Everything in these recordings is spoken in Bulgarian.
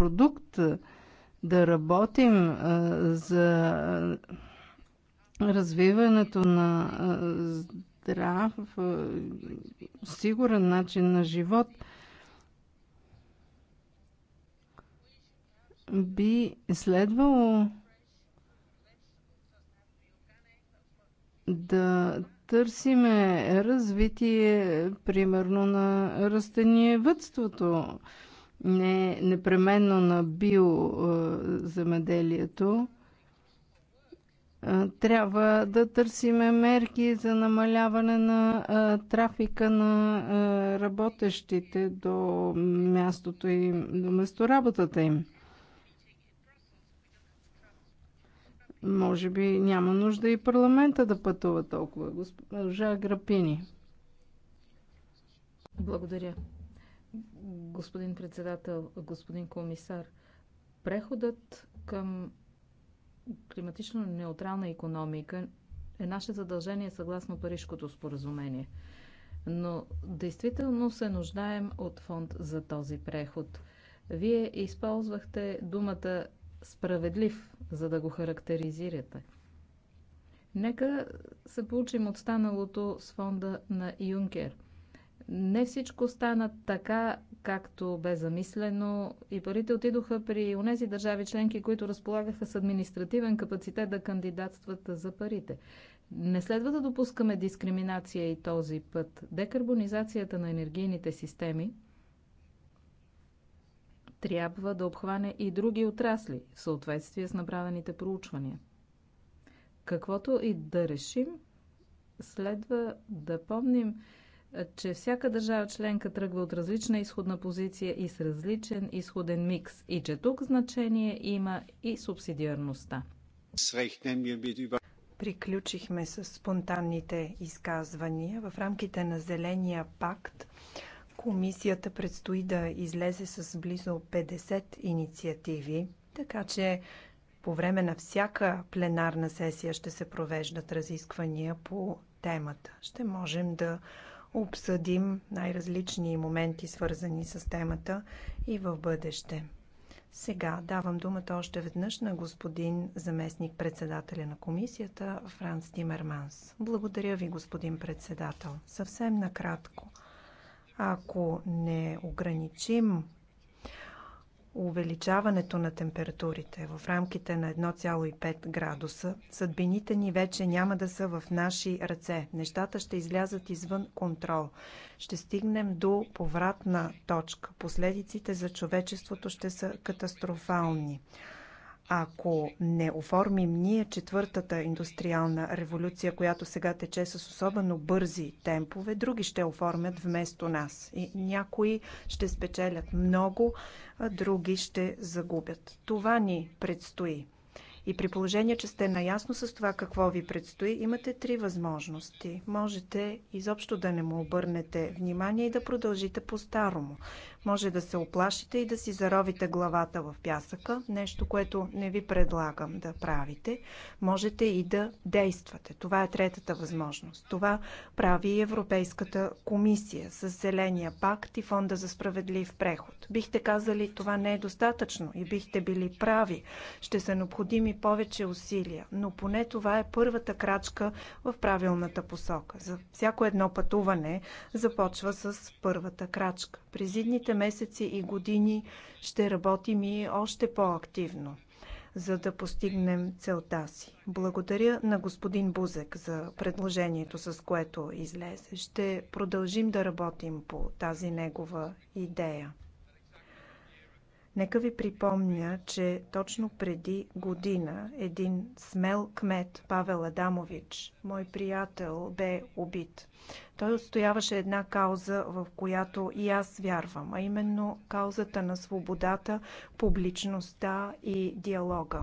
продукт, да работим за развиването на здрав, сигурен начин на живот, би следвало да търсиме развитие, примерно, на растениевътството не непременно на биоземеделието, трябва да търсиме мерки за намаляване на трафика на работещите до мястото им, до местоработата им. Може би няма нужда и парламента да пътува толкова, госпожа Грапини. Благодаря господин председател, господин комисар. Преходът към климатично неутрална економика е наше задължение съгласно Парижкото споразумение. Но действително се нуждаем от фонд за този преход. Вие използвахте думата справедлив, за да го характеризирате. Нека се получим от станалото с фонда на Юнкер – не всичко стана така, както бе замислено и парите отидоха при онези държави членки, които разполагаха с административен капацитет да кандидатстват за парите. Не следва да допускаме дискриминация и този път. Декарбонизацията на енергийните системи трябва да обхване и други отрасли в съответствие с направените проучвания. Каквото и да решим, следва да помним, че всяка държава членка тръгва от различна изходна позиция и с различен изходен микс и че тук значение има и субсидиарността. Приключихме с спонтанните изказвания. В рамките на Зеления пакт комисията предстои да излезе с близо 50 инициативи, така че по време на всяка пленарна сесия ще се провеждат разисквания по темата. Ще можем да обсъдим най-различни моменти, свързани с темата и в бъдеще. Сега давам думата още веднъж на господин заместник председателя на комисията Франц Тимерманс. Благодаря ви, господин председател. Съвсем накратко. Ако не ограничим увеличаването на температурите в рамките на 1,5 градуса, съдбините ни вече няма да са в наши ръце. Нещата ще излязат извън контрол. Ще стигнем до повратна точка. Последиците за човечеството ще са катастрофални. Ако не оформим ние четвъртата индустриална революция, която сега тече с особено бързи темпове, други ще оформят вместо нас. И някои ще спечелят много, а други ще загубят. Това ни предстои. И при положение, че сте наясно с това какво ви предстои, имате три възможности. Можете изобщо да не му обърнете внимание и да продължите по-старому. Може да се оплашите и да си заровите главата в пясъка, нещо, което не ви предлагам да правите. Можете и да действате. Това е третата възможност. Това прави и Европейската комисия с Зеления пакт и Фонда за справедлив преход. Бихте казали, това не е достатъчно и бихте били прави. Ще са необходими повече усилия, но поне това е първата крачка в правилната посока. За всяко едно пътуване започва с първата крачка. През идните месеци и години ще работим и още по-активно, за да постигнем целта си. Благодаря на господин Бузек за предложението, с което излезе. Ще продължим да работим по тази негова идея. Нека ви припомня, че точно преди година един смел кмет, Павел Адамович, мой приятел, бе убит. Той отстояваше една кауза, в която и аз вярвам, а именно каузата на свободата, публичността и диалога.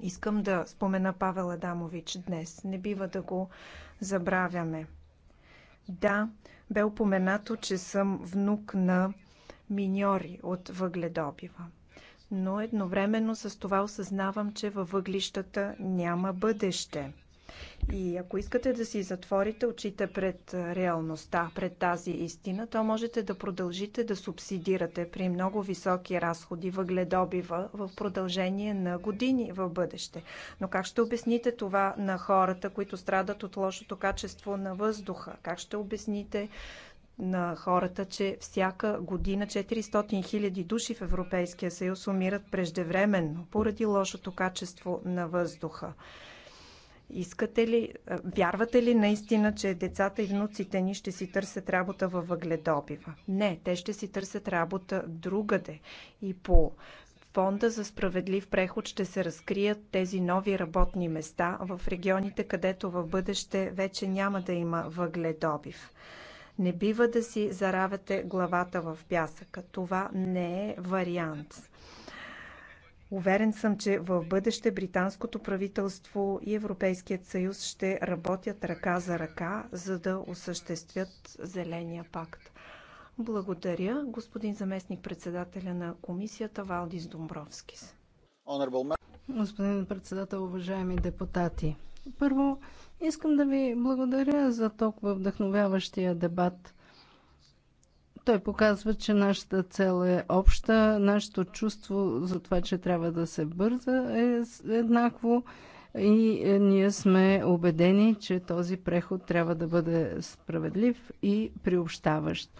Искам да спомена Павел Адамович днес. Не бива да го забравяме. Да, бе упоменато, че съм внук на миньори от въгледобива. Но едновременно с това осъзнавам, че във въглищата няма бъдеще. И ако искате да си затворите очите пред реалността, пред тази истина, то можете да продължите да субсидирате при много високи разходи въгледобива в продължение на години в бъдеще. Но как ще обясните това на хората, които страдат от лошото качество на въздуха? Как ще обясните на хората, че всяка година 400 000 души в Европейския съюз умират преждевременно поради лошото качество на въздуха. Искате ли, вярвате ли наистина, че децата и внуците ни ще си търсят работа във въгледобива? Не, те ще си търсят работа другаде и по фонда за справедлив преход ще се разкрият тези нови работни места в регионите, където в бъдеще вече няма да има въгледобив. Не бива да си заравяте главата в пясъка. Това не е вариант. Уверен съм, че в бъдеще британското правителство и Европейският съюз ще работят ръка за ръка, за да осъществят Зеления пакт. Благодаря, господин заместник председателя на комисията Валдис Домбровскис. Господин председател, уважаеми депутати, първо, искам да ви благодаря за толкова вдъхновяващия дебат. Той показва, че нашата цел е обща, нашето чувство за това, че трябва да се бърза е еднакво и е, ние сме убедени, че този преход трябва да бъде справедлив и приобщаващ.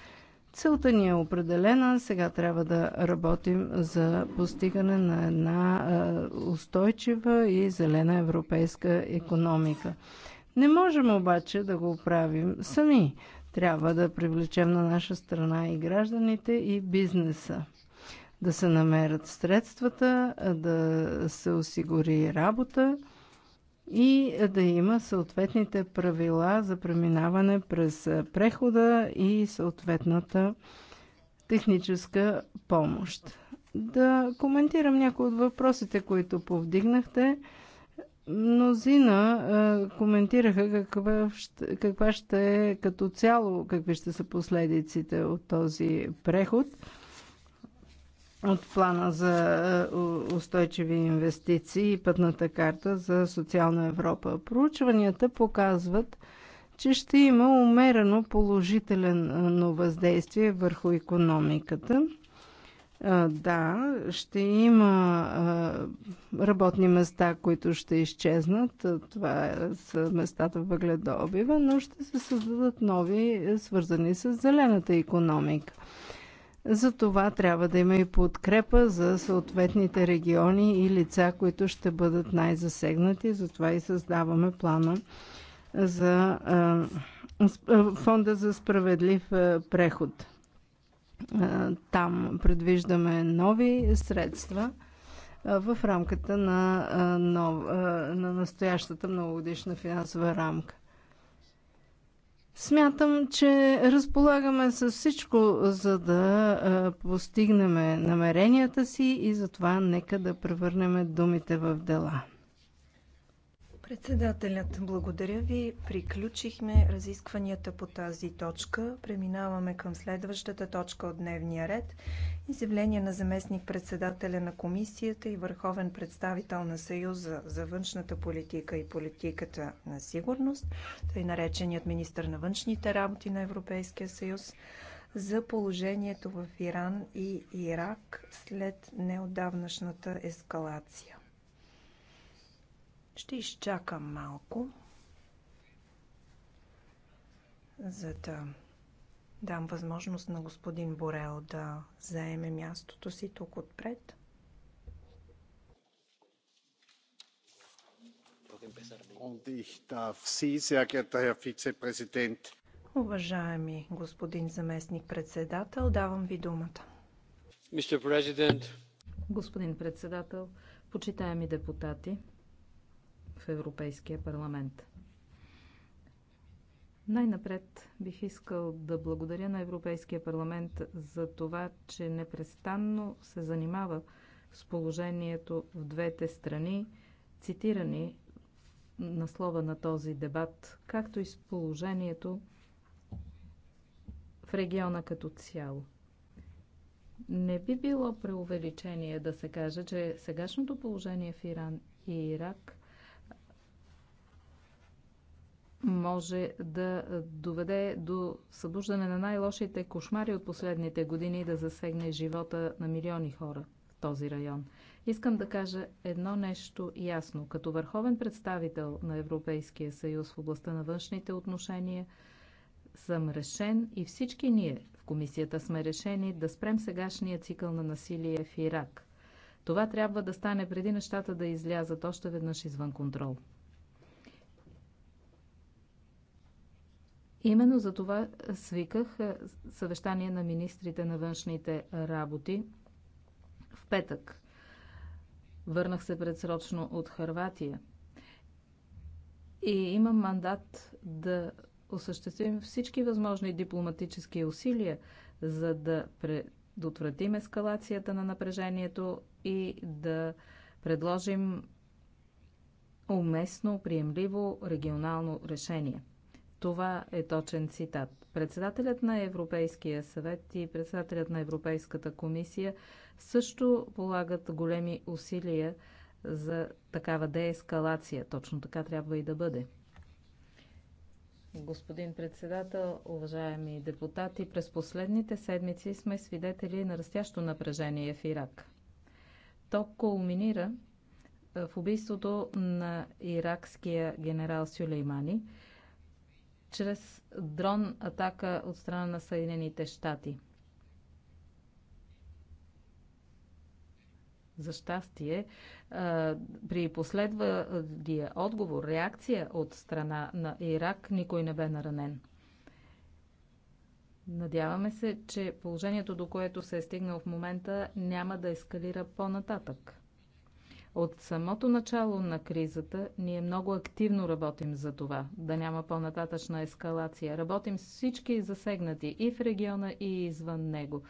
Целта ни е определена, сега трябва да работим за постигане на една устойчива и зелена европейска економика. Не можем обаче да го правим сами. Трябва да привлечем на наша страна и гражданите, и бизнеса. Да се намерят средствата, да се осигури работа и да има съответните правила за преминаване през прехода и съответната техническа помощ. Да коментирам някои от въпросите, които повдигнахте. Мнозина е, коментираха каква ще, каква ще е като цяло, какви ще са последиците от този преход – от плана за е, устойчиви инвестиции и пътната карта за социална Европа. Проучванията показват, че ще има умерено положителен е, въздействие върху економиката. Е, да, ще има работни места, които ще изчезнат. Това са местата в въгледобива, но ще се създадат нови, свързани с зелената економика – за това трябва да има и подкрепа за съответните региони и лица, които ще бъдат най-засегнати. Затова и създаваме плана за фонда за справедлив преход. Там предвиждаме нови средства в рамката на, нов, на настоящата многогодишна финансова рамка. Смятам, че разполагаме с всичко, за да постигнем намеренията си и затова нека да превърнем думите в дела. Председателят, благодаря ви. Приключихме разискванията по тази точка. Преминаваме към следващата точка от дневния ред. Изявление на заместник-председателя на комисията и върховен представител на Съюза за външната политика и политиката на сигурност, тъй нареченият министр на външните работи на Европейския съюз, за положението в Иран и Ирак след неодавнашната ескалация. Ще изчакам малко, за да дам възможност на господин Борел да заеме мястото си тук отпред. Уважаеми господин заместник председател, давам ви думата. Господин председател, почитаеми депутати, в Европейския парламент. Най-напред бих искал да благодаря на Европейския парламент за това, че непрестанно се занимава с положението в двете страни, цитирани на слова на този дебат, както и с положението в региона като цяло. Не би било преувеличение да се каже, че сегашното положение в Иран и Ирак може да доведе до събуждане на най-лошите кошмари от последните години и да засегне живота на милиони хора в този район. Искам да кажа едно нещо ясно. Като върховен представител на Европейския съюз в областта на външните отношения, съм решен и всички ние в комисията сме решени да спрем сегашния цикъл на насилие в Ирак. Това трябва да стане преди нещата да излязат още веднъж извън контрол. Именно за това свиках е, съвещание на министрите на външните работи в петък. Върнах се предсрочно от Харватия и имам мандат да осъществим всички възможни дипломатически усилия, за да предотвратим ескалацията на напрежението и да предложим уместно, приемливо регионално решение – това е точен цитат. Председателят на Европейския съвет и председателят на Европейската комисия също полагат големи усилия за такава деескалация. Точно така трябва и да бъде. Господин председател, уважаеми депутати, през последните седмици сме свидетели на растящо напрежение в Ирак. То кулминира в убийството на иракския генерал Сюлеймани – чрез дрон атака от страна на Съединените щати. За щастие, при последвалия отговор, реакция от страна на Ирак, никой не бе наранен. Надяваме се, че положението, до което се е стигнал в момента, няма да ескалира по-нататък. От самото начало на кризата ние много активно работим за това, да няма по-нататъчна ескалация. Работим с всички засегнати и в региона, и извън него.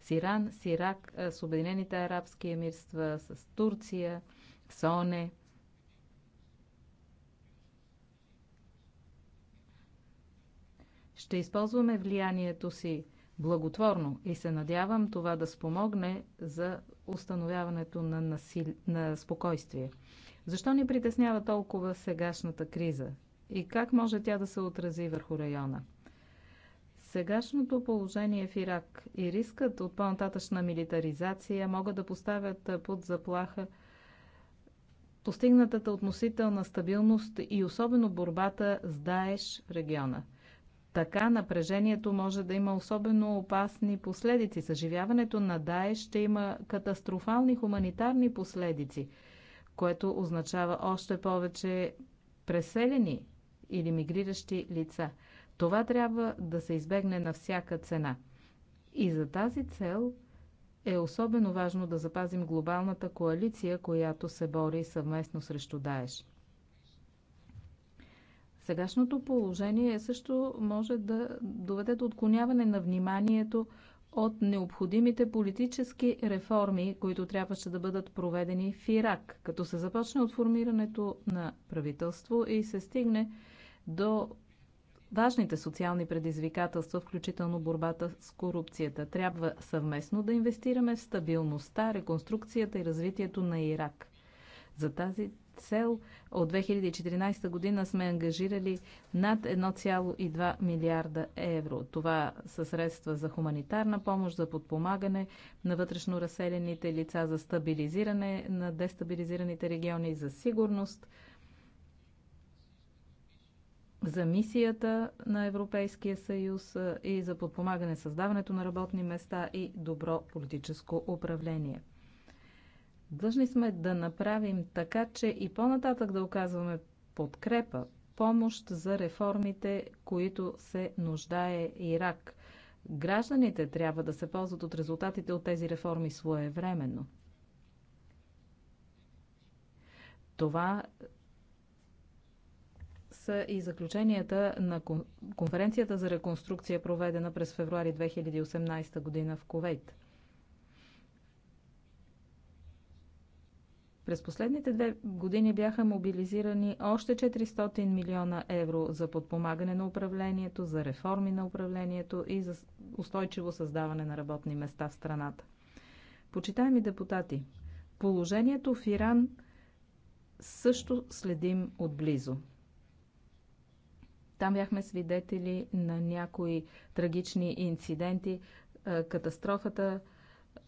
С Иран, с Ирак, с Обединените арабски емирства, с Турция, с ОНЕ. Ще използваме влиянието си благотворно и се надявам това да спомогне за установяването на, насили... на спокойствие. Защо ни притеснява толкова сегашната криза? И как може тя да се отрази върху района? Сегашното положение в Ирак и рискът от по-нататъчна милитаризация могат да поставят под заплаха постигнатата относителна стабилност и особено борбата с Даеш в региона – така напрежението може да има особено опасни последици. Съживяването на Дае ще има катастрофални хуманитарни последици, което означава още повече преселени или мигриращи лица. Това трябва да се избегне на всяка цена. И за тази цел е особено важно да запазим глобалната коалиция, която се бори съвместно срещу Даеш. Сегашното положение също може да доведе до отклоняване на вниманието от необходимите политически реформи, които трябваше да бъдат проведени в Ирак, като се започне от формирането на правителство и се стигне до важните социални предизвикателства, включително борбата с корупцията. Трябва съвместно да инвестираме в стабилността, реконструкцията и развитието на Ирак. За тази цел. От 2014 година сме ангажирали над 1,2 милиарда евро. Това са средства за хуманитарна помощ, за подпомагане на вътрешно разселените лица, за стабилизиране на дестабилизираните региони, за сигурност, за мисията на Европейския съюз и за подпомагане създаването на работни места и добро политическо управление. Длъжни сме да направим така, че и по-нататък да оказваме подкрепа, помощ за реформите, които се нуждае Ирак. Гражданите трябва да се ползват от резултатите от тези реформи своевременно. Това са и заключенията на конференцията за реконструкция, проведена през февруари 2018 година в Ковейт. През последните две години бяха мобилизирани още 400 милиона евро за подпомагане на управлението, за реформи на управлението и за устойчиво създаване на работни места в страната. Почитаеми депутати, положението в Иран също следим отблизо. Там бяхме свидетели на някои трагични инциденти. Катастрофата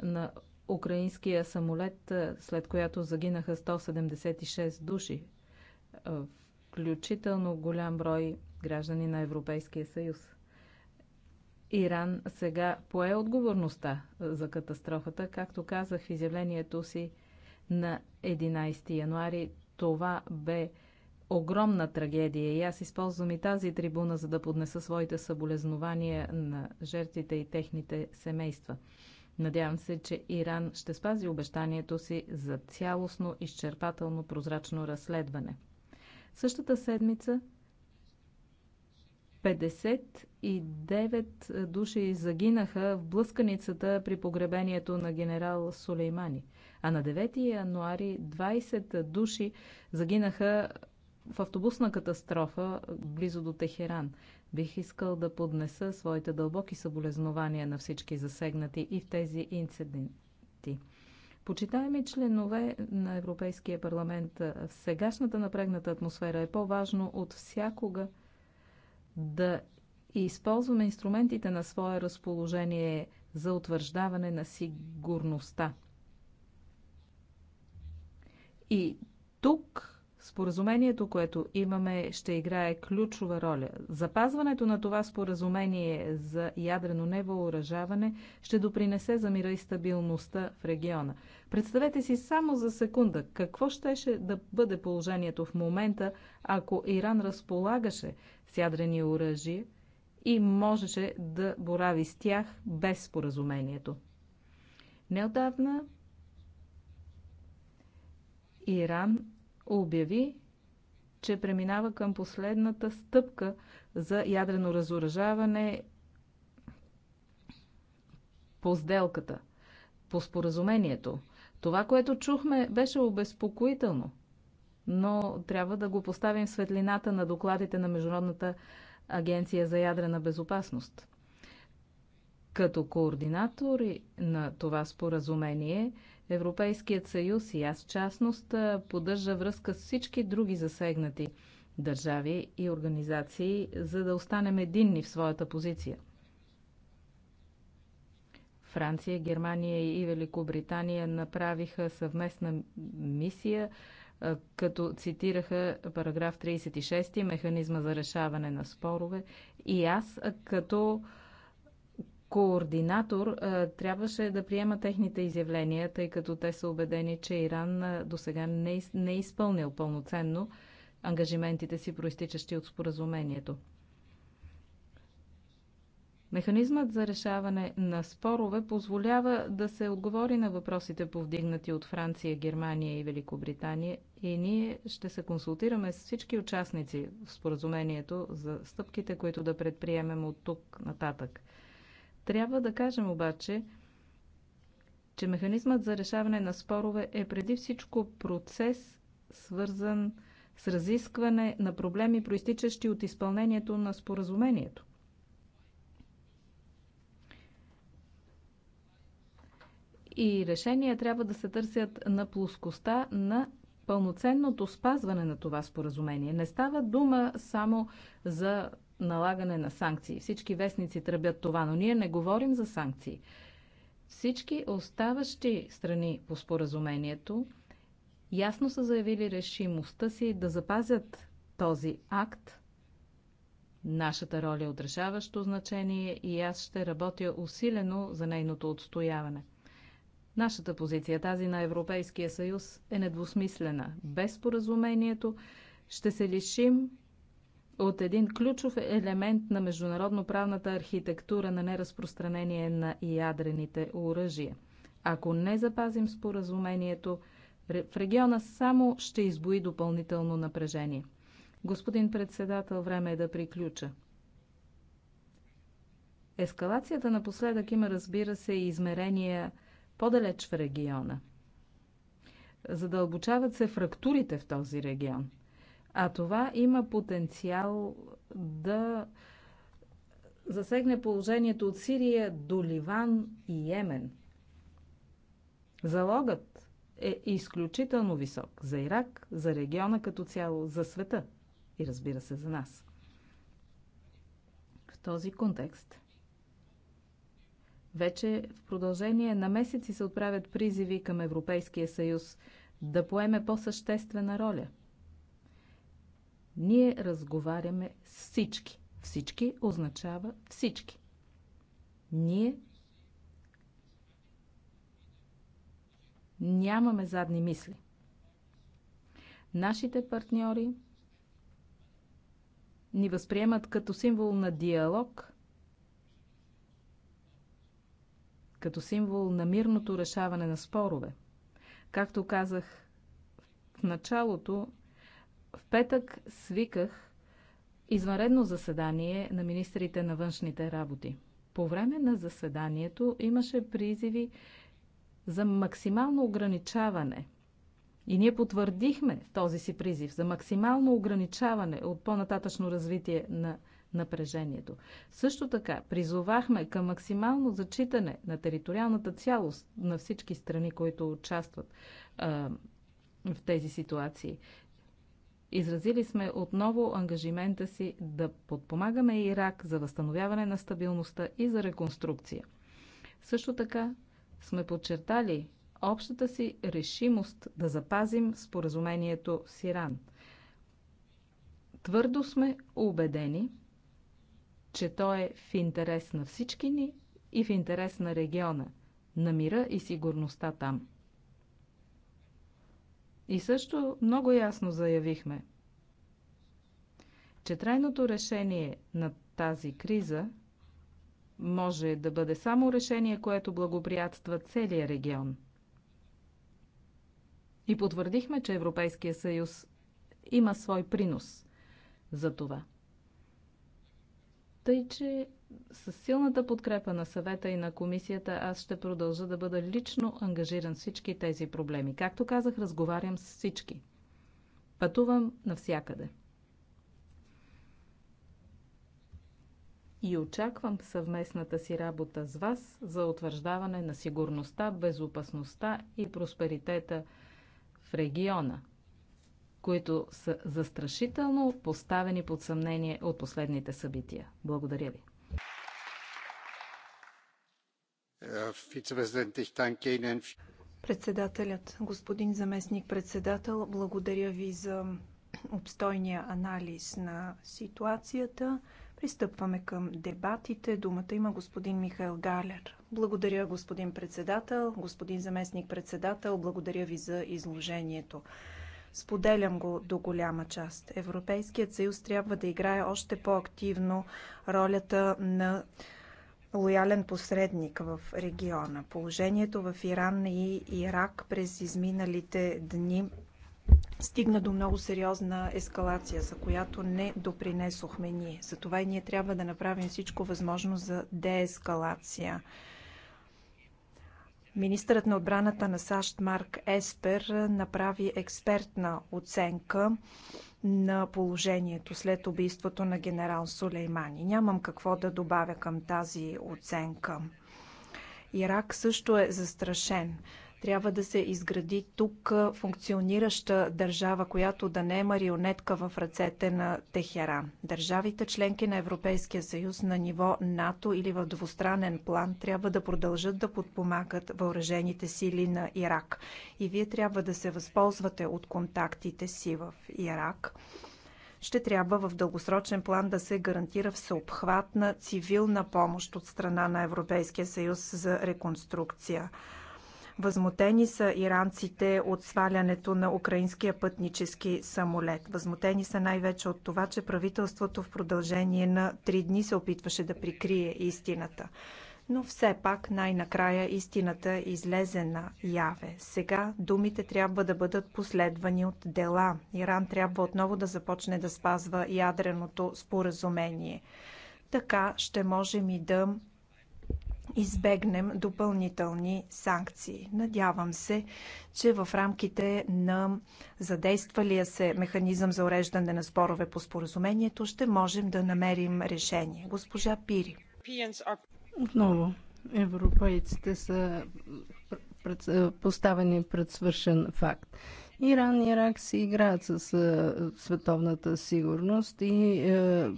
на украинския самолет, след която загинаха 176 души, включително голям брой граждани на Европейския съюз. Иран сега пое отговорността за катастрофата, както казах в изявлението си на 11 януари. Това бе огромна трагедия и аз използвам и тази трибуна, за да поднеса своите съболезнования на жертвите и техните семейства. Надявам се, че Иран ще спази обещанието си за цялостно, изчерпателно, прозрачно разследване. Същата седмица 59 души загинаха в блъсканицата при погребението на генерал Сулеймани, а на 9 януари 20 души загинаха в автобусна катастрофа близо до Техеран. Бих искал да поднеса своите дълбоки съболезнования на всички засегнати и в тези инциденти. Почитаеми членове на Европейския парламент, в сегашната напрегната атмосфера е по-важно от всякога да използваме инструментите на свое разположение за утвърждаване на сигурността. И тук Споразумението, което имаме, ще играе ключова роля. Запазването на това споразумение за ядрено невъоръжаване ще допринесе за мира и стабилността в региона. Представете си само за секунда какво щеше да бъде положението в момента, ако Иран разполагаше с ядрени оръжия и можеше да борави с тях без споразумението. Неодавна Иран обяви, че преминава към последната стъпка за ядрено разоръжаване по сделката, по споразумението. Това, което чухме, беше обезпокоително, но трябва да го поставим в светлината на докладите на Международната агенция за ядрена безопасност. Като координатори на това споразумение, Европейският съюз и аз частност поддържа връзка с всички други засегнати държави и организации, за да останем единни в своята позиция. Франция, Германия и Великобритания направиха съвместна мисия, като цитираха параграф 36 механизма за решаване на спорове и аз като координатор трябваше да приема техните изявления, тъй като те са убедени, че Иран до сега не, не е изпълнил пълноценно ангажиментите си, проистичащи от споразумението. Механизмът за решаване на спорове позволява да се отговори на въпросите повдигнати от Франция, Германия и Великобритания и ние ще се консултираме с всички участници в споразумението за стъпките, които да предприемем от тук нататък. Трябва да кажем обаче, че механизмът за решаване на спорове е преди всичко процес, свързан с разискване на проблеми, проистичащи от изпълнението на споразумението. И решения трябва да се търсят на плоскостта на пълноценното спазване на това споразумение. Не става дума само за налагане на санкции. Всички вестници тръбят това, но ние не говорим за санкции. Всички оставащи страни по споразумението ясно са заявили решимостта си да запазят този акт. Нашата роля е отрешаващо значение и аз ще работя усилено за нейното отстояване. Нашата позиция, тази на Европейския съюз, е недвусмислена. Без споразумението ще се лишим от един ключов елемент на международно-правната архитектура на неразпространение на ядрените оръжия. Ако не запазим споразумението, в региона само ще избои допълнително напрежение. Господин председател, време е да приключа. Ескалацията напоследък има, разбира се, и измерения по-далеч в региона. Задълбочават се фрактурите в този регион. А това има потенциал да засегне положението от Сирия до Ливан и Йемен. Залогът е изключително висок за Ирак, за региона като цяло, за света и разбира се за нас. В този контекст вече в продължение на месеци се отправят призиви към Европейския съюз да поеме по-съществена роля – ние разговаряме с всички. Всички означава всички. Ние нямаме задни мисли. Нашите партньори ни възприемат като символ на диалог, като символ на мирното решаване на спорове. Както казах в началото, в петък свиках извънредно заседание на министрите на външните работи. По време на заседанието имаше призиви за максимално ограничаване. И ние потвърдихме този си призив за максимално ограничаване от по-нататъчно развитие на напрежението. Също така призовахме към максимално зачитане на териториалната цялост на всички страни, които участват а, в тези ситуации. Изразили сме отново ангажимента си да подпомагаме Ирак за възстановяване на стабилността и за реконструкция. Също така сме подчертали общата си решимост да запазим споразумението с Иран. Твърдо сме убедени, че то е в интерес на всички ни и в интерес на региона, на мира и сигурността там. И също много ясно заявихме, че трайното решение на тази криза може да бъде само решение, което благоприятства целия регион. И потвърдихме, че Европейския съюз има свой принос за това. Тъй, че с силната подкрепа на съвета и на комисията аз ще продължа да бъда лично ангажиран с всички тези проблеми. Както казах, разговарям с всички. Пътувам навсякъде. И очаквам съвместната си работа с вас за утвърждаване на сигурността, безопасността и просперитета в региона, които са застрашително поставени под съмнение от последните събития. Благодаря ви. Председателят, господин заместник председател, благодаря ви за обстойния анализ на ситуацията. Пристъпваме към дебатите. Думата има господин Михаил Галер. Благодаря, господин председател, господин заместник председател, благодаря ви за изложението. Споделям го до голяма част. Европейският съюз трябва да играе още по-активно ролята на лоялен посредник в региона. Положението в Иран и Ирак през изминалите дни стигна до много сериозна ескалация, за която не допринесохме ние. Затова и ние трябва да направим всичко възможно за деескалация. Министърът на отбраната на САЩ Марк Еспер направи експертна оценка на положението след убийството на генерал Сулеймани. Нямам какво да добавя към тази оценка. Ирак също е застрашен трябва да се изгради тук функционираща държава, която да не е марионетка в ръцете на Техеран. Държавите членки на Европейския съюз на ниво НАТО или в двустранен план трябва да продължат да подпомагат въоръжените сили на Ирак. И вие трябва да се възползвате от контактите си в Ирак ще трябва в дългосрочен план да се гарантира всеобхватна цивилна помощ от страна на Европейския съюз за реконструкция. Възмутени са иранците от свалянето на украинския пътнически самолет. Възмутени са най-вече от това, че правителството в продължение на три дни се опитваше да прикрие истината. Но все пак най-накрая истината излезе на яве. Сега думите трябва да бъдат последвани от дела. Иран трябва отново да започне да спазва ядреното споразумение. Така ще можем и да избегнем допълнителни санкции. Надявам се, че в рамките на задействалия се механизъм за уреждане на спорове по споразумението ще можем да намерим решение. Госпожа Пири. Отново, европейците са е, поставени пред свършен факт. Иран и Ирак си играят с е, световната сигурност и е,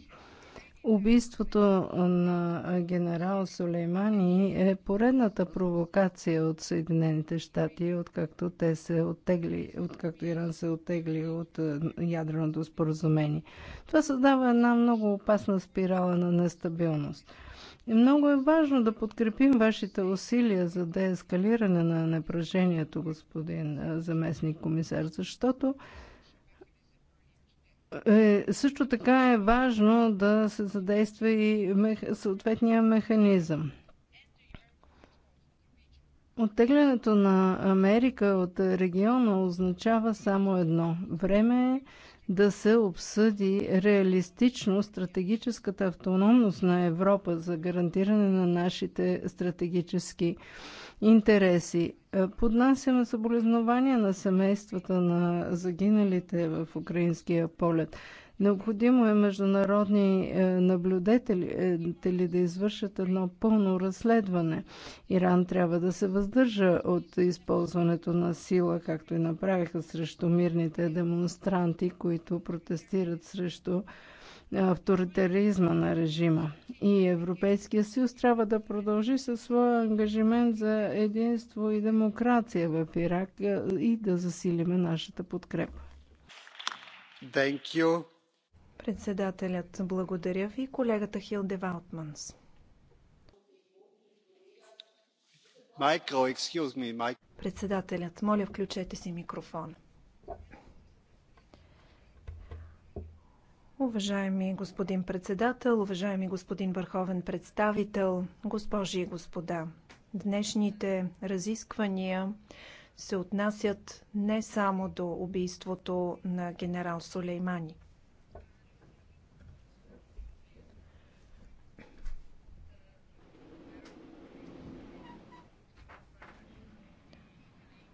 Убийството на генерал Сулеймани е поредната провокация от Съединените щати, откакто те се оттегли, откакто Иран се оттегли от ядреното споразумение. Това създава една много опасна спирала на нестабилност. И много е важно да подкрепим вашите усилия за деескалиране на напрежението, господин заместник комисар, защото е, също така е важно да се задейства и мех, съответния механизъм. Оттеглянето на Америка от региона означава само едно. Време е да се обсъди реалистично стратегическата автономност на Европа за гарантиране на нашите стратегически интереси. Е, поднасяме съболезнования на семействата на загиналите в украинския полет. Необходимо е международни е, наблюдатели е, да извършат едно пълно разследване. Иран трябва да се въздържа от използването на сила, както и направиха срещу мирните демонстранти, които протестират срещу авторитаризма на режима. И Европейския съюз трябва да продължи със своя ангажимент за единство и демокрация в Ирак е, и да засилиме нашата подкрепа. Thank you. Председателят, благодаря ви. Колегата Хилде Ваутманс. Micro, me, Председателят, моля включете си микрофона. Уважаеми господин председател, уважаеми господин върховен представител, госпожи и господа, днешните разисквания се отнасят не само до убийството на генерал Сулеймани.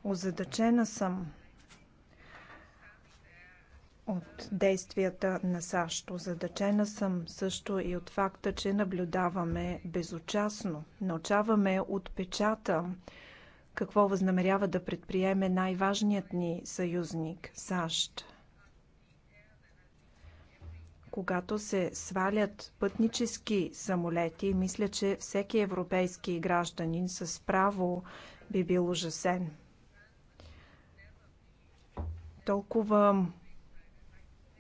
Озадачена съм от действията на САЩ. Озадачена съм също и от факта, че наблюдаваме безучастно. Научаваме от печата какво възнамерява да предприеме най-важният ни съюзник САЩ. Когато се свалят пътнически самолети, мисля, че всеки европейски гражданин с право би бил ужасен. Толкова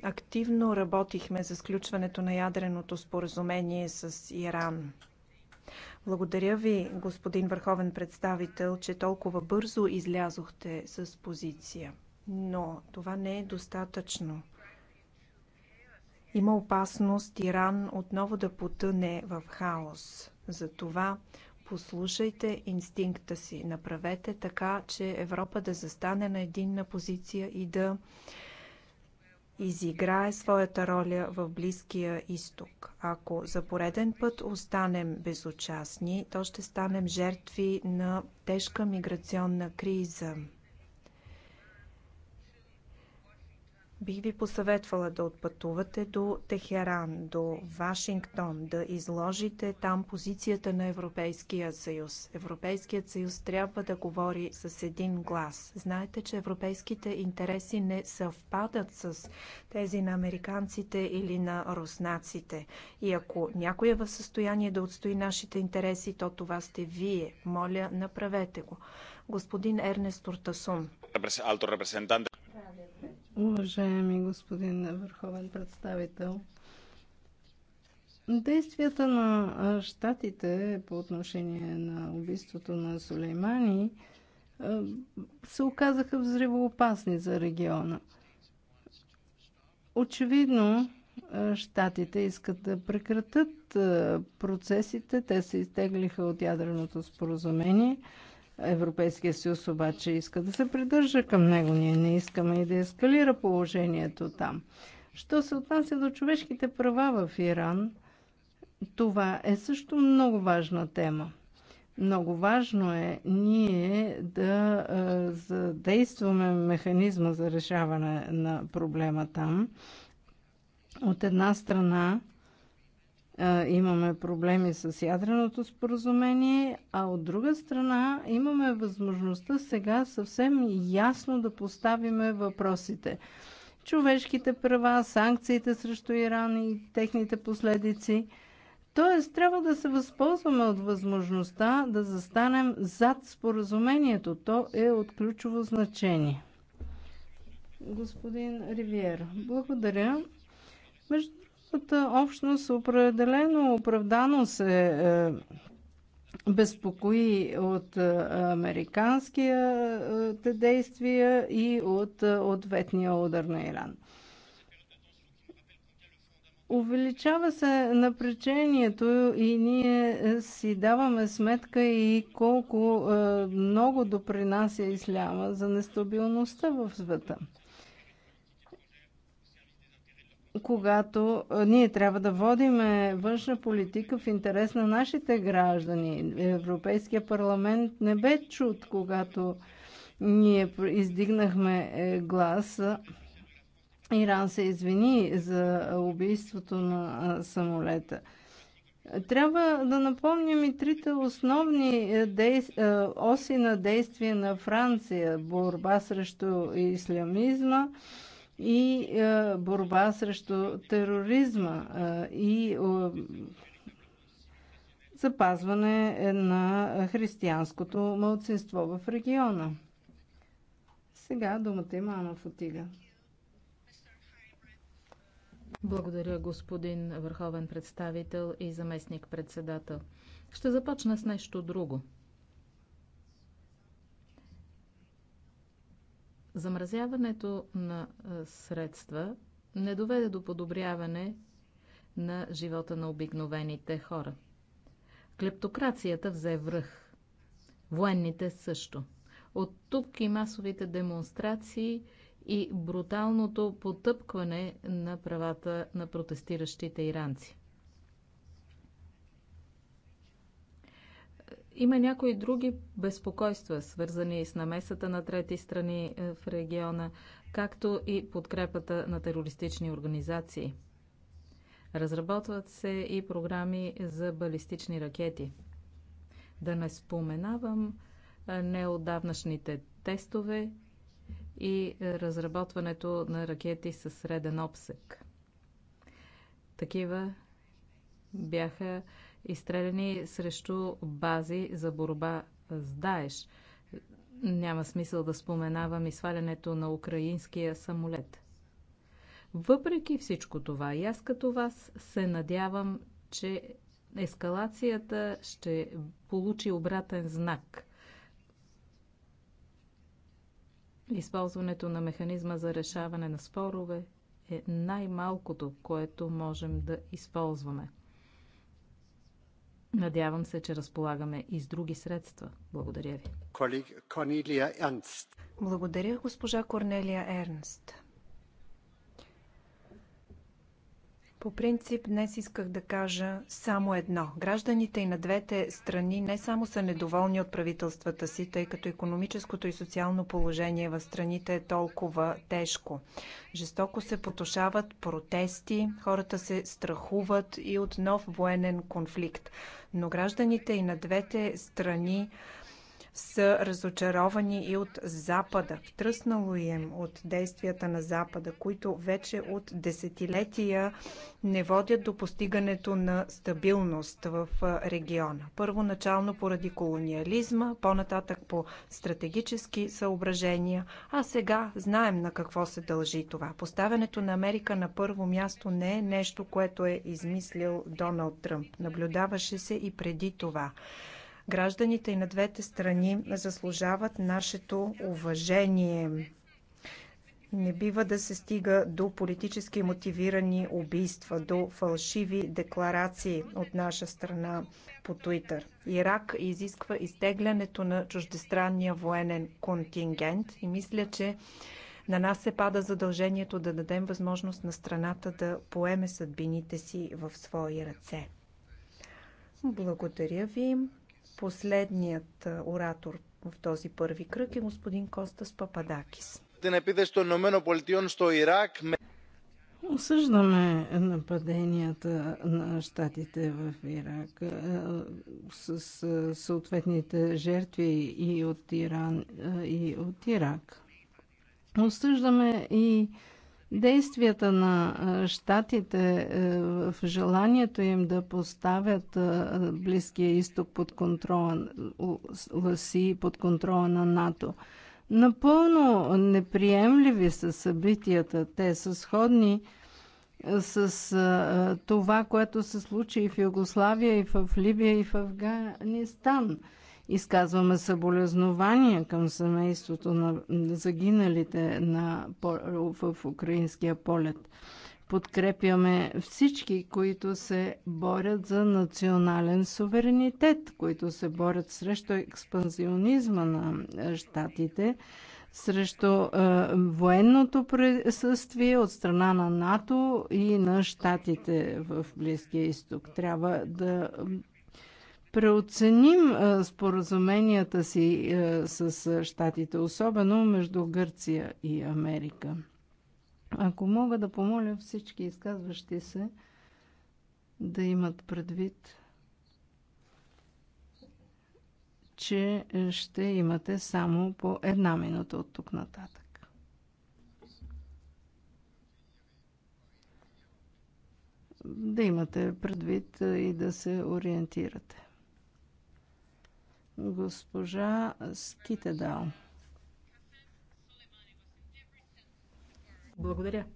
Активно работихме за сключването на ядреното споразумение с Иран. Благодаря ви, господин върховен представител, че толкова бързо излязохте с позиция. Но това не е достатъчно. Има опасност Иран отново да потъне в хаос. Затова послушайте инстинкта си. Направете така, че Европа да застане на единна позиция и да изиграе своята роля в Близкия изток. Ако за пореден път останем безучастни, то ще станем жертви на тежка миграционна криза. Бих ви посъветвала да отпътувате до Техеран, до Вашингтон, да изложите там позицията на Европейския съюз. Европейският съюз трябва да говори с един глас. Знаете, че европейските интереси не съвпадат с тези на американците или на руснаците. И ако някой е в състояние да отстои нашите интереси, то това сте вие. Моля, направете го. Господин Ернест Уртасун. Уважаеми господин върховен представител, действията на щатите по отношение на убийството на Сулеймани е, се оказаха взривоопасни за региона. Очевидно, е, щатите искат да прекратят е, процесите. Те се изтеглиха от ядреното споразумение – Европейския съюз обаче иска да се придържа към него. Ние не искаме и да ескалира положението там. Що се отнася до човешките права в Иран, това е също много важна тема. Много важно е ние да задействаме механизма за решаване на проблема там. От една страна, имаме проблеми с ядреното споразумение, а от друга страна имаме възможността сега съвсем ясно да поставиме въпросите. Човешките права, санкциите срещу Иран и техните последици. Тоест, трябва да се възползваме от възможността да застанем зад споразумението. То е от ключово значение. Господин Ривиер, благодаря. Между Международната общност определено оправдано се е, безпокои от е, американските е, действия и от е, ответния удар на Иран. Увеличава се напречението, и ние си даваме сметка и колко много допринася исляма за нестабилността в света когато ние трябва да водим външна политика в интерес на нашите граждани. Европейския парламент не бе чут, когато ние издигнахме е, глас. Иран се извини за убийството на самолета. Трябва да напомним и трите основни е, действ... Е, оси на действие на Франция борба срещу ислямизма, и е, борба срещу тероризма е, и е, запазване на християнското мълцинство в региона. Сега думата има Ана Фотига. Благодаря, господин върховен представител и заместник председател. Ще започна с нещо друго – Замразяването на средства не доведе до подобряване на живота на обикновените хора. Клептокрацията взе връх. Военните също. От тук и масовите демонстрации и бруталното потъпкване на правата на протестиращите иранци. Има някои други безпокойства, свързани с намесата на трети страни е, в региона, както и подкрепата на терористични организации. Разработват се и програми за балистични ракети. Да не споменавам е, неодавнашните тестове и е, разработването на ракети със среден обсек. Такива бяха изстреляни срещу бази за борба с Даеш. Няма смисъл да споменавам и свалянето на украинския самолет. Въпреки всичко това, и аз като вас се надявам, че ескалацията ще получи обратен знак. Използването на механизма за решаване на спорове е най-малкото, което можем да използваме. Надявам се, че разполагаме и с други средства. Благодаря ви. Ернст. Благодаря, госпожа Корнелия Ернст. По принцип днес исках да кажа само едно. Гражданите и на двете страни не само са недоволни от правителствата си, тъй като економическото и социално положение в страните е толкова тежко. Жестоко се потушават протести, хората се страхуват и от нов военен конфликт. Но гражданите и на двете страни са разочаровани и от Запада. Втръснало им от действията на Запада, които вече от десетилетия не водят до постигането на стабилност в региона. Първоначално поради колониализма, по-нататък по стратегически съображения, а сега знаем на какво се дължи това. Поставянето на Америка на първо място не е нещо, което е измислил Доналд Тръмп. Наблюдаваше се и преди това. Гражданите и на двете страни заслужават нашето уважение. Не бива да се стига до политически мотивирани убийства, до фалшиви декларации от наша страна по Твитър. Ирак изисква изтеглянето на чуждестранния военен контингент и мисля, че на нас се пада задължението да дадем възможност на страната да поеме съдбините си в свои ръце. Благодаря ви. Последният оратор в този първи кръг е господин Костас Пападакис. Осъждаме нападенията на щатите в Ирак с съответните жертви и от Иран, и от Ирак. Осъждаме и действията на щатите е, в желанието им да поставят Близкия изток под контрола си, под контрола на НАТО. Напълно неприемливи са събитията. Те са сходни е, с това, което се случи и в Югославия, и в Либия, и в Афганистан – Изказваме съболезнования към семейството на загиналите на, в украинския полет. Подкрепяме всички, които се борят за национален суверенитет, които се борят срещу експанзионизма на е, щатите, срещу е, военното присъствие от страна на НАТО и на щатите в Близкия изток. Трябва да преоценим споразуменията си с щатите, особено между Гърция и Америка. Ако мога да помоля всички изказващи се да имат предвид, че ще имате само по една минута от тук нататък. Да имате предвид и да се ориентирате. Госпожа Скитедал. Благодаря.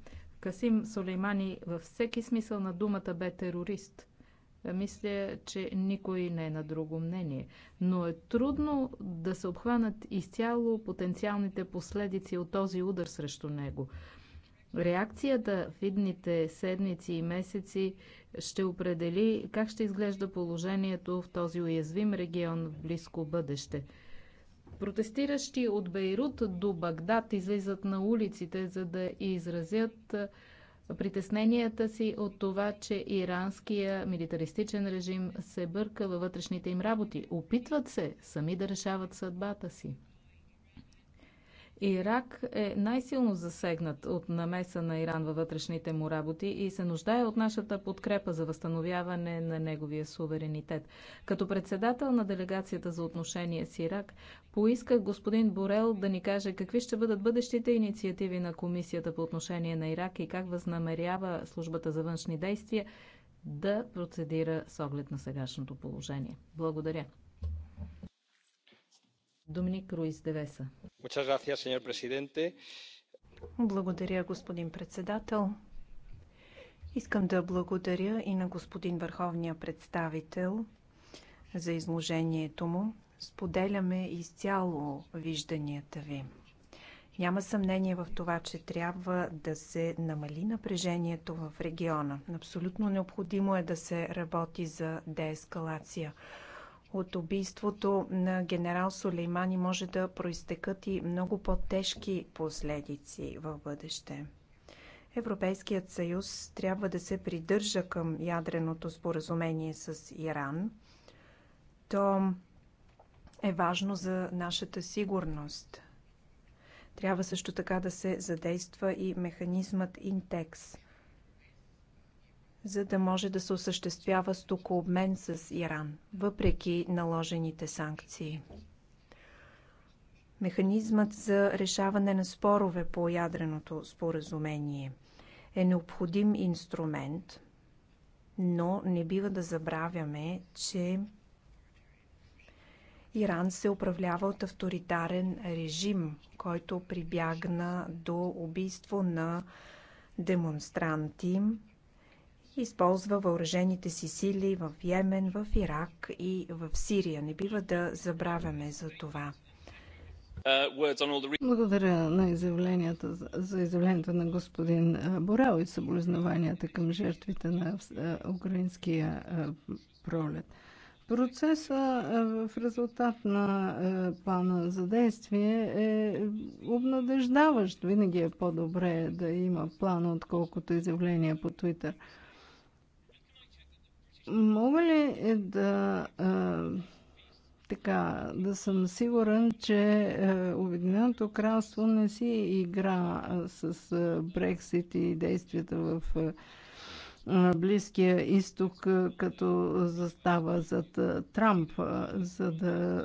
Касим Солеймани във всеки смисъл на думата бе терорист. Мисля, че никой не е на друго мнение. Но е трудно да се обхванат изцяло потенциалните последици от този удар срещу него. Реакцията в идните седмици и месеци ще определи как ще изглежда положението в този уязвим регион в близко бъдеще. Протестиращи от Бейрут до Багдад излизат на улиците, за да изразят притесненията си от това, че иранския милитаристичен режим се бърка във вътрешните им работи. Опитват се сами да решават съдбата си. Ирак е най-силно засегнат от намеса на Иран във вътрешните му работи и се нуждае от нашата подкрепа за възстановяване на неговия суверенитет. Като председател на делегацията за отношение с Ирак, поисках господин Борел да ни каже какви ще бъдат бъдещите инициативи на комисията по отношение на Ирак и как възнамерява службата за външни действия да процедира с оглед на сегашното положение. Благодаря. Доминик Руис Девеса. Благодаря, господин председател. Искам да благодаря и на господин върховния представител за изложението му. Споделяме изцяло вижданията ви. Няма съмнение в това, че трябва да се намали напрежението в региона. Абсолютно необходимо е да се работи за деескалация. От убийството на генерал Сулеймани може да проистекат и много по-тежки последици в бъдеще. Европейският съюз трябва да се придържа към ядреното споразумение с Иран. То е важно за нашата сигурност. Трябва също така да се задейства и механизмът Интекс – за да може да се осъществява стокообмен с Иран, въпреки наложените санкции. Механизмът за решаване на спорове по ядреното споразумение е необходим инструмент, но не бива да забравяме, че Иран се управлява от авторитарен режим, който прибягна до убийство на демонстранти, използва въоръжените си сили в Йемен, в Ирак и в Сирия. Не бива да забравяме за това. Uh, Благодаря на изявленията, за изявлението на господин Борел и съболезнованията към жертвите на украинския пролет. Процеса в резултат на плана за действие е обнадеждаващ. Винаги е по-добре да има план, отколкото изявление по Твитър. Мога ли е, да а, е, така, да съм сигурен, че е, Обединеното кралство не си игра с Брексит и действията в Близкия изток, като застава зад Трамп, за да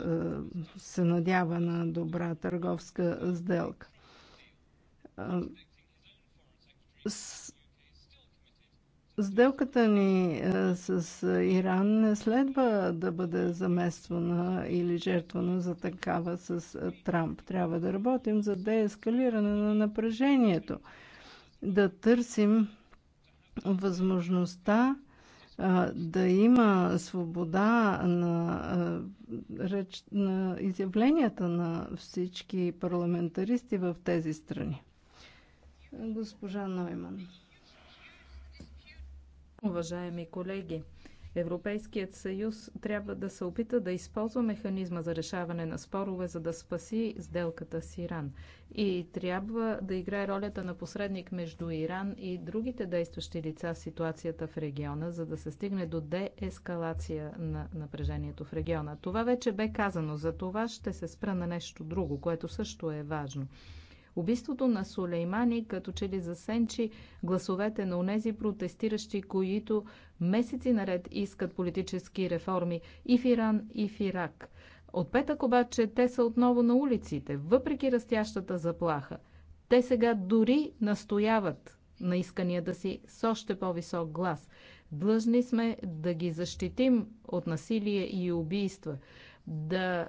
се надява на добра търговска сделка. С Сделката ни е, с е, Иран не следва да бъде замествана или жертвана за такава с е, Трамп. Трябва да работим за деескалиране на напрежението, да търсим възможността да има свобода на, реч, на изявленията на всички парламентаристи в тези страни. Госпожа Нойман. Уважаеми колеги, Европейският съюз трябва да се опита да използва механизма за решаване на спорове, за да спаси сделката с Иран. И трябва да играе ролята на посредник между Иран и другите действащи лица в ситуацията в региона, за да се стигне до деескалация на напрежението в региона. Това вече бе казано, за това ще се спра на нещо друго, което също е важно. Убийството на Сулеймани като че ли засенчи гласовете на унези, протестиращи, които месеци наред искат политически реформи и в Иран, и в Ирак. От петък обаче те са отново на улиците, въпреки растящата заплаха. Те сега дори настояват на исканията си с още по-висок глас. Длъжни сме да ги защитим от насилие и убийства, да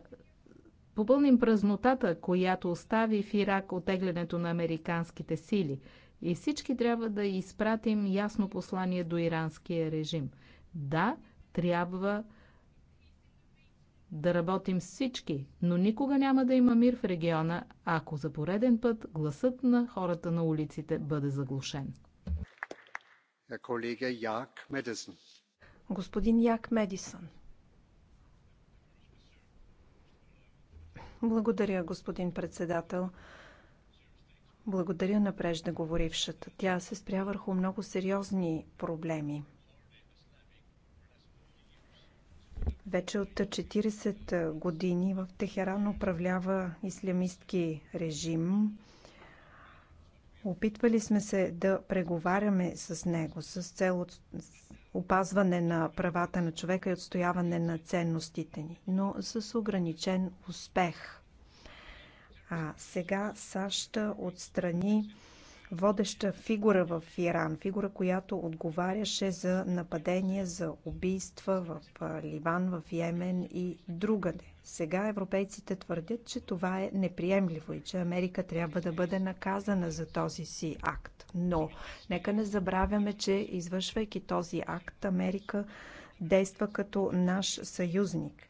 попълним празнотата, която остави в Ирак отеглянето на американските сили. И всички трябва да изпратим ясно послание до иранския режим. Да, трябва да работим всички, но никога няма да има мир в региона, ако за пореден път гласът на хората на улиците бъде заглушен. Господин Як Медисън. Благодаря, господин председател. Благодаря на преждеговорившата. Тя се спря върху много сериозни проблеми. Вече от 40 години в Техеран управлява ислямистки режим. Опитвали сме се да преговаряме с него с цел опазване на правата на човека и отстояване на ценностите ни, но с ограничен успех. А сега САЩ отстрани водеща фигура в Иран, фигура, която отговаряше за нападения, за убийства в Ливан, в Йемен и другаде. Сега европейците твърдят, че това е неприемливо и че Америка трябва да бъде наказана за този си акт. Но нека не забравяме, че извършвайки този акт, Америка действа като наш съюзник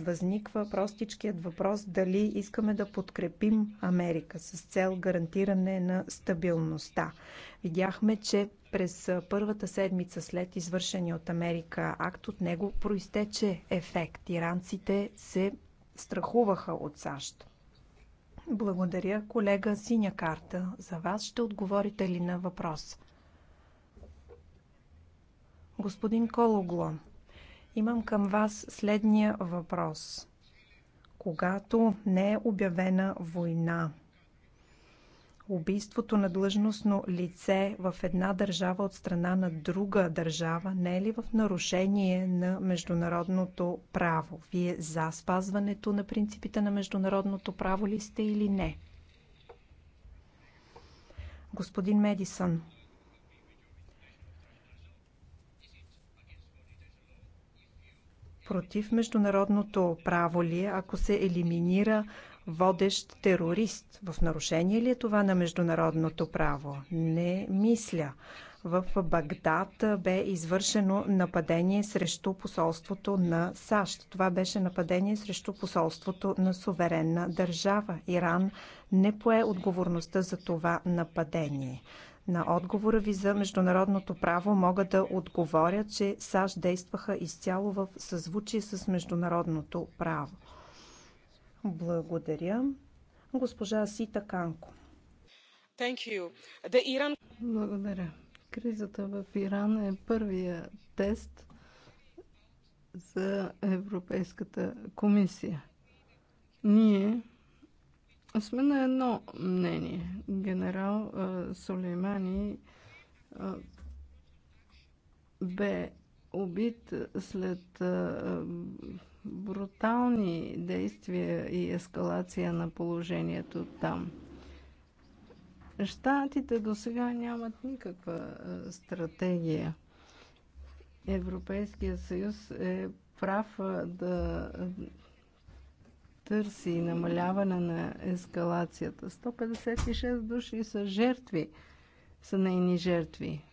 възниква простичкият въпрос дали искаме да подкрепим Америка с цел гарантиране на стабилността. Видяхме, че през първата седмица след извършения от Америка акт от него проистече ефект. Иранците се страхуваха от САЩ. Благодаря, колега Синя карта. За вас ще отговорите ли на въпрос? Господин Кологло, Имам към вас следния въпрос. Когато не е обявена война, убийството на длъжностно лице в една държава от страна на друга държава не е ли в нарушение на международното право? Вие за спазването на принципите на международното право ли сте или не? Господин Медисън, Против международното право ли е, ако се елиминира водещ терорист? В нарушение ли е това на международното право? Не мисля. В Багдад бе извършено нападение срещу посолството на САЩ. Това беше нападение срещу посолството на суверенна държава. Иран не пое отговорността за това нападение. На отговора ви за международното право мога да отговоря, че САЩ действаха изцяло в съзвучие с международното право. Благодаря. Госпожа Сита Канко. Iran... Благодаря. Кризата в Иран е първия тест за Европейската комисия. Ние сме на едно мнение. Генерал Сулеймани бе убит след брутални действия и ескалация на положението там. Штатите до сега нямат никаква стратегия. Европейския съюз е прав да търси намаляване на ескалацията. 156 души са жертви, са нейни жертви.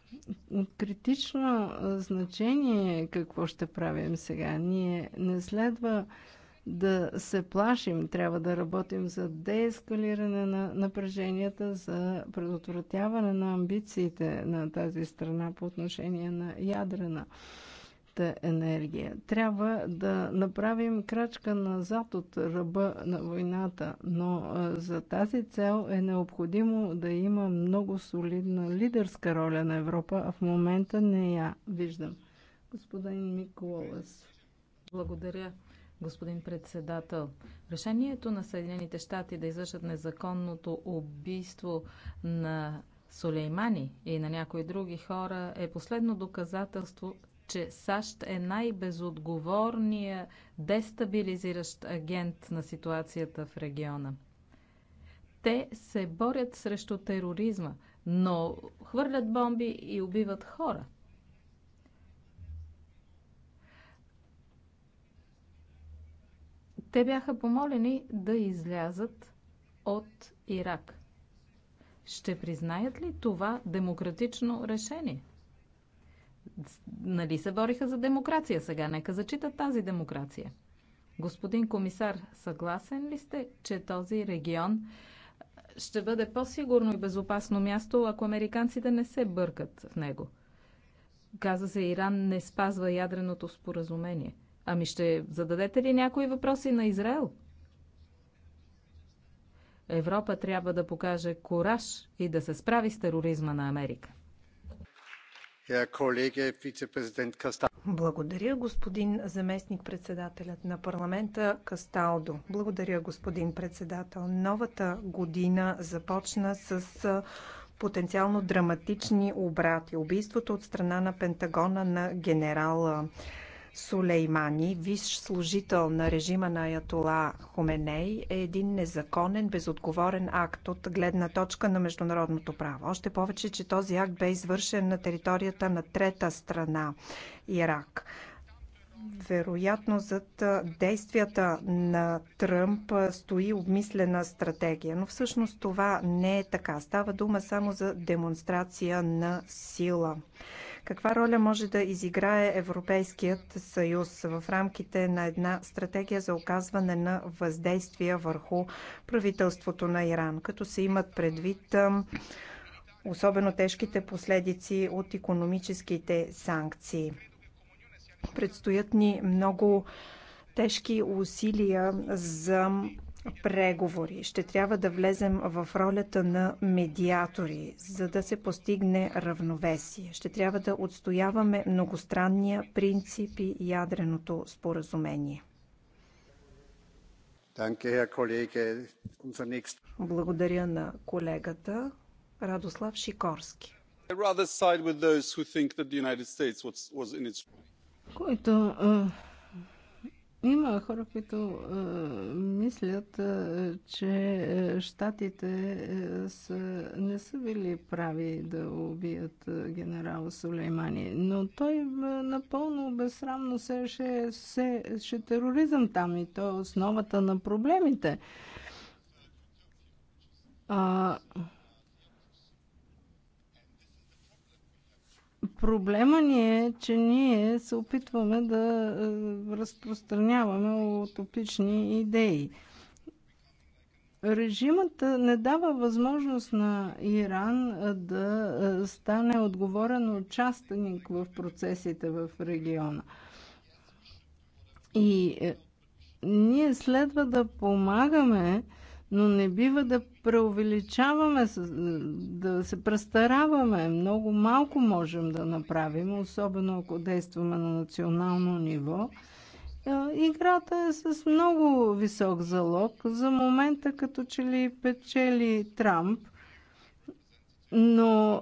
критично значение е какво ще правим сега. Ние не следва да се плашим, трябва да работим за деескалиране на напреженията, за предотвратяване на амбициите на тази страна по отношение на ядрена енергия. Трябва да направим крачка назад от ръба на войната, но за тази цел е необходимо да има много солидна лидерска роля на Европа, а в момента не я виждам. Господин Миколас. Благодаря господин председател. Решението на Съединените щати да извършат незаконното убийство на Сулеймани и на някои други хора е последно доказателство, че САЩ е най-безотговорният дестабилизиращ агент на ситуацията в региона. Те се борят срещу тероризма, но хвърлят бомби и убиват хора. Те бяха помолени да излязат от Ирак. Ще признаят ли това демократично решение? нали се бориха за демокрация сега? Нека зачитат тази демокрация. Господин комисар, съгласен ли сте, че този регион ще бъде по-сигурно и безопасно място, ако американците не се бъркат в него? Каза се, Иран не спазва ядреното споразумение. Ами ще зададете ли някои въпроси на Израел? Европа трябва да покаже кораж и да се справи с тероризма на Америка. Благодаря, господин заместник председателят на парламента Касталдо. Благодаря, господин председател. Новата година започна с потенциално драматични обрати. Убийството от страна на Пентагона на генерала Сулеймани, висш служител на режима на Аятола Хоменей, е един незаконен, безотговорен акт от гледна точка на международното право. Още повече, че този акт бе извършен на територията на трета страна Ирак. Вероятно зад действията на Тръмп стои обмислена стратегия, но всъщност това не е така. Става дума само за демонстрация на сила. Каква роля може да изиграе Европейският съюз в рамките на една стратегия за оказване на въздействие върху правителството на Иран, като се имат предвид особено тежките последици от икономическите санкции? Предстоят ни много тежки усилия за преговори. Ще трябва да влезем в ролята на медиатори, за да се постигне равновесие. Ще трябва да отстояваме многостранния принцип и ядреното споразумение. Благодаря на колегата Радослав Шикорски. Който има хора, които а, мислят, а, че щатите а, са, не са били прави да убият а, генерал Сулеймани, но той а, напълно безсрамно сеше се, ще тероризъм там и то е основата на проблемите. А, Проблема ни е, че ние се опитваме да е, разпространяваме утопични идеи. Режимът е, не дава възможност на Иран е, да стане отговорен участник в процесите в региона. И ние следва да помагаме но не бива да преувеличаваме, да се престараваме. Много малко можем да направим, особено ако действаме на национално ниво. Играта е с много висок залог. За момента като че ли печели Трамп, но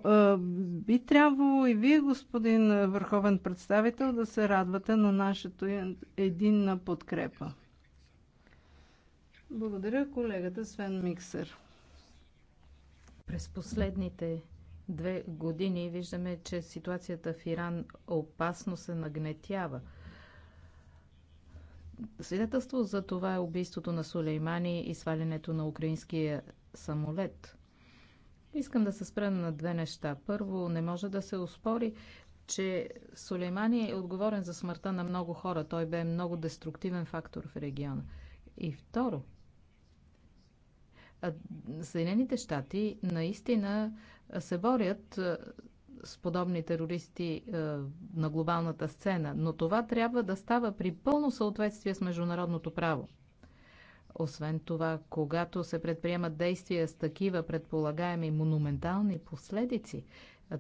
би трябвало и вие, господин върховен представител, да се радвате на нашето единна подкрепа. Благодаря колегата Свен Миксер. През последните две години виждаме, че ситуацията в Иран опасно се нагнетява. Свидетелство за това е убийството на Сулеймани и свалянето на украинския самолет. Искам да се спра на две неща. Първо, не може да се успори, че Сулеймани е отговорен за смъртта на много хора. Той бе много деструктивен фактор в региона. И второ, Съединените щати наистина се борят с подобни терористи на глобалната сцена, но това трябва да става при пълно съответствие с международното право. Освен това, когато се предприемат действия с такива предполагаеми монументални последици,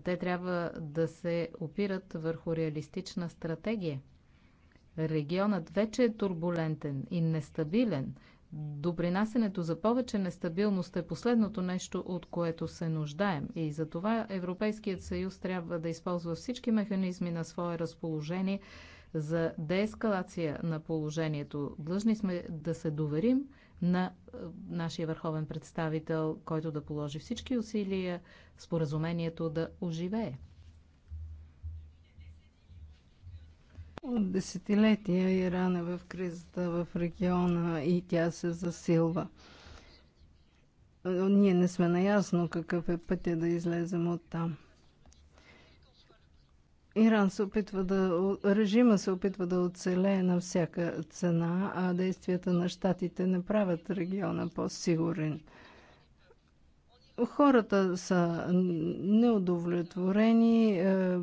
те трябва да се опират върху реалистична стратегия. Регионът вече е турбулентен и нестабилен Допринасенето за повече нестабилност е последното нещо, от което се нуждаем и за това Европейският съюз трябва да използва всички механизми на свое разположение за деескалация на положението. Длъжни сме да се доверим на е, нашия върховен представител, който да положи всички усилия споразумението да оживее. От десетилетия Иран е в кризата в региона и тя се засилва. Ние не сме наясно какъв е пътя да излезем от там. Иран се опитва да, режима се опитва да оцелее на всяка цена, а действията на щатите не правят региона по-сигурен. Хората са неудовлетворени, е,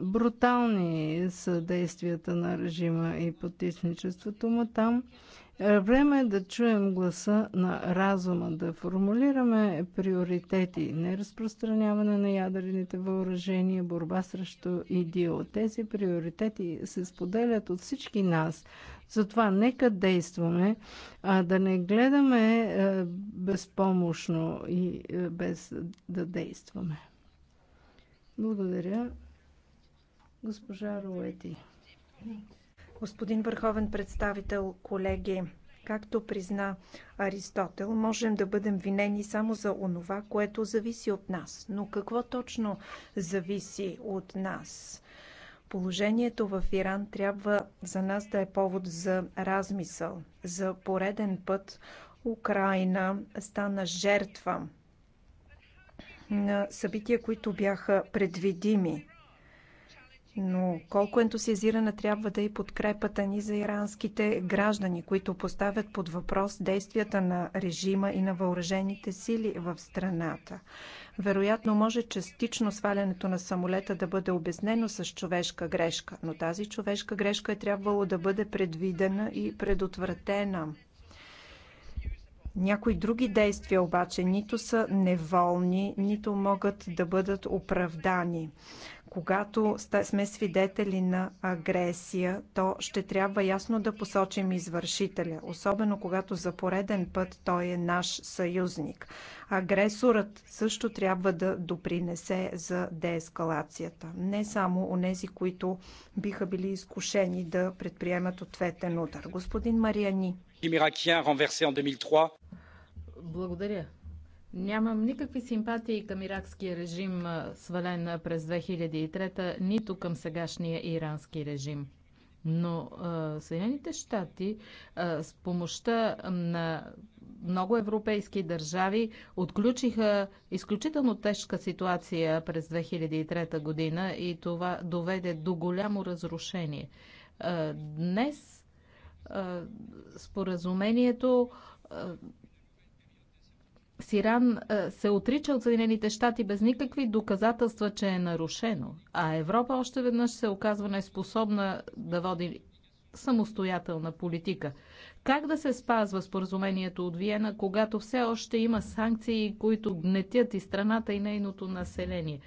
Брутални са действията на режима и потисничеството му там. Е, време е да чуем гласа на разума, да формулираме приоритети, неразпространяване на ядрените въоръжения, борба срещу идио. Тези приоритети се споделят от всички нас. Затова нека действаме, а да не гледаме е, безпомощно и е, без да действаме. Благодаря. Госпожа Руети. Господин Върховен представител, колеги, както призна Аристотел, можем да бъдем винени само за онова, което зависи от нас. Но какво точно зависи от нас? Положението в Иран трябва за нас да е повод за размисъл. За пореден път Украина стана жертва на събития, които бяха предвидими. Но колко ентусиазирана трябва да е подкрепата ни за иранските граждани, които поставят под въпрос действията на режима и на въоръжените сили в страната. Вероятно може частично свалянето на самолета да бъде обяснено с човешка грешка, но тази човешка грешка е трябвало да бъде предвидена и предотвратена. Някои други действия обаче нито са неволни, нито могат да бъдат оправдани. Когато сме свидетели на агресия, то ще трябва ясно да посочим извършителя, особено когато за пореден път той е наш съюзник. Агресорът също трябва да допринесе за деескалацията. Не само нези, които биха били изкушени да предприемат ответен удар. Господин Мариани. Иракиен, renversé en 2003. Благодаря. Нямам никакви симпатии към иракския режим, свален през 2003, нито към сегашния ирански режим. Но а, Съединените щати а, с помощта на много европейски държави отключиха изключително тежка ситуация през 2003 година и това доведе до голямо разрушение. А, днес споразумението с Иран се отрича от Съединените щати без никакви доказателства, че е нарушено, а Европа още веднъж се оказва неспособна да води самостоятелна политика. Как да се спазва споразумението от Виена, когато все още има санкции, които гнетят и страната и нейното население?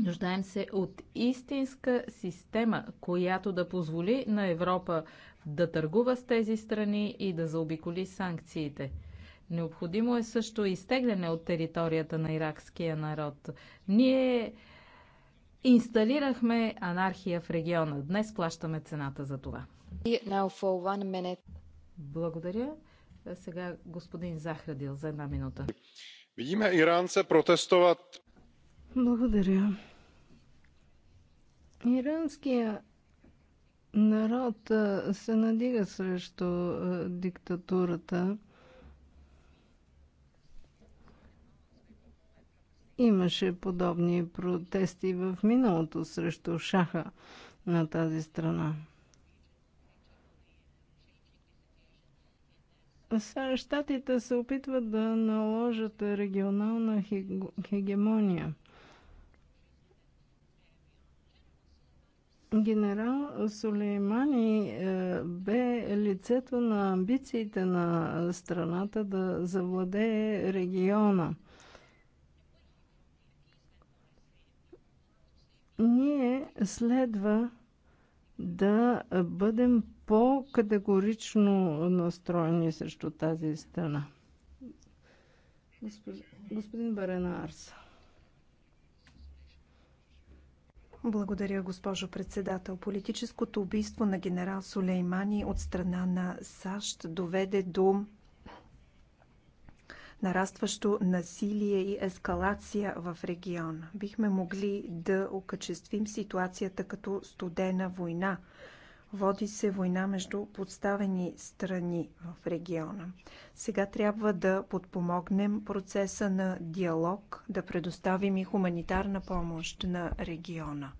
Нуждаем се от истинска система, която да позволи на Европа да търгува с тези страни и да заобиколи санкциите. Необходимо е също изтегляне от територията на иракския народ. Ние инсталирахме анархия в региона. Днес плащаме цената за това. Благодаря. Сега господин Захрадил за една минута. Видиме иранце протестуват благодаря. Иранския народ се надига срещу диктатурата. Имаше подобни протести в миналото срещу шаха на тази страна. Щатите се опитват да наложат регионална хегемония – Генерал Сулеймани е, бе лицето на амбициите на страната да завладее региона. Ние следва да бъдем по-категорично настроени срещу тази страна. Господин Барена Арса. Благодаря, госпожо председател. Политическото убийство на генерал Сулеймани от страна на САЩ доведе до нарастващо насилие и ескалация в региона. Бихме могли да окачествим ситуацията като студена война. Води се война между подставени страни в региона. Сега трябва да подпомогнем процеса на диалог, да предоставим и хуманитарна помощ на региона.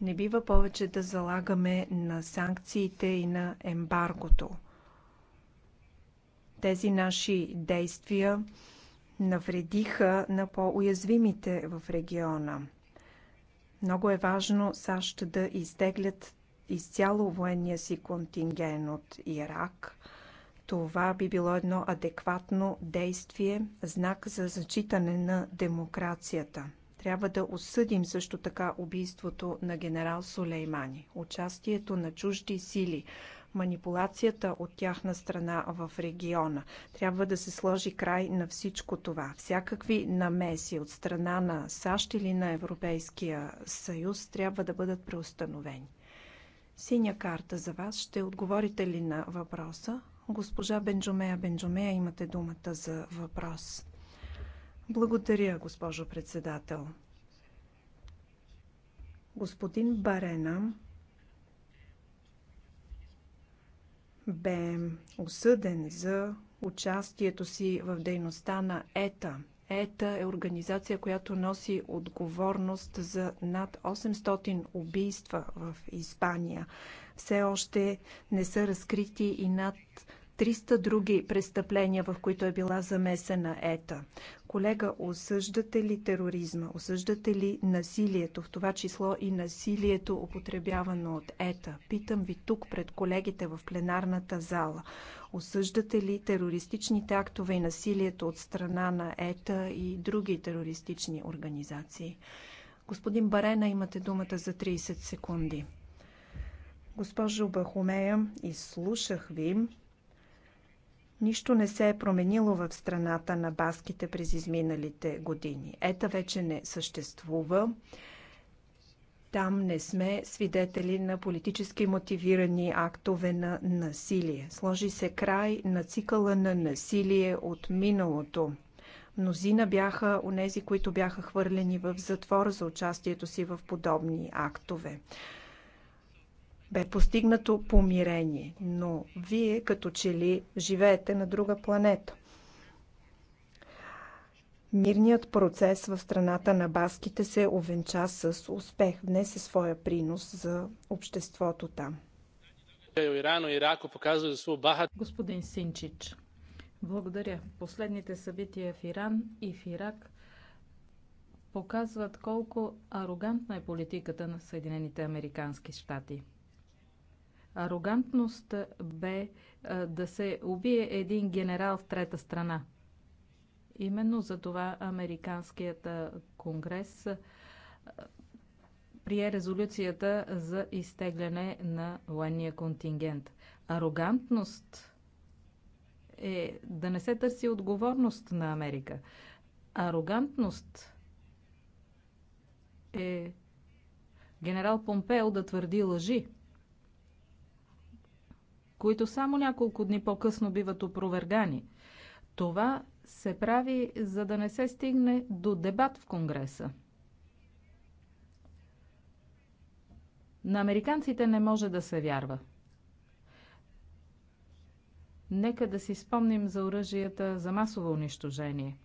Не бива повече да залагаме на санкциите и на ембаргото. Тези наши действия навредиха на по-уязвимите в региона. Много е важно САЩ да изтеглят изцяло военния си контингент от Ирак. Това би било едно адекватно действие, знак за зачитане на демокрацията. Трябва да осъдим също така убийството на генерал Сулеймани, участието на чужди сили, манипулацията от тяхна страна в региона. Трябва да се сложи край на всичко това. Всякакви намеси от страна на САЩ или на Европейския съюз трябва да бъдат преустановени. Синя карта за вас. Ще отговорите ли на въпроса? Госпожа Бенджомея Бенджомея, имате думата за въпрос. Благодаря, госпожо председател. Господин Барена бе осъден за участието си в дейността на ЕТА – ЕТА е организация, която носи отговорност за над 800 убийства в Испания. Все още не са разкрити и над 300 други престъпления, в които е била замесена ета. Колега, осъждате ли тероризма? Осъждате ли насилието, в това число и насилието, употребявано от ета? Питам ви тук пред колегите в пленарната зала. Осъждате ли терористичните актове и насилието от страна на ета и други терористични организации? Господин Барена, имате думата за 30 секунди. Госпожо Бахомея, изслушах ви Нищо не се е променило в страната на баските през изминалите години. Ета вече не съществува. Там не сме свидетели на политически мотивирани актове на насилие. Сложи се край на цикъла на насилие от миналото. Мнозина бяха онези, които бяха хвърлени в затвор за участието си в подобни актове бе постигнато помирение, но вие като че ли живеете на друга планета. Мирният процес в страната на баските се овенча с успех, внесе своя принос за обществото там. Господин Синчич, благодаря. Последните събития в Иран и в Ирак показват колко арогантна е политиката на Съединените Американски щати. Арогантност бе да се убие един генерал в трета страна. Именно за това Американският конгрес прие резолюцията за изтегляне на военния контингент. Арогантност е да не се търси отговорност на Америка. Арогантност е генерал Помпео да твърди лъжи които само няколко дни по-късно биват опровергани. Това се прави, за да не се стигне до дебат в Конгреса. На американците не може да се вярва. Нека да си спомним за оръжията за масово унищожение.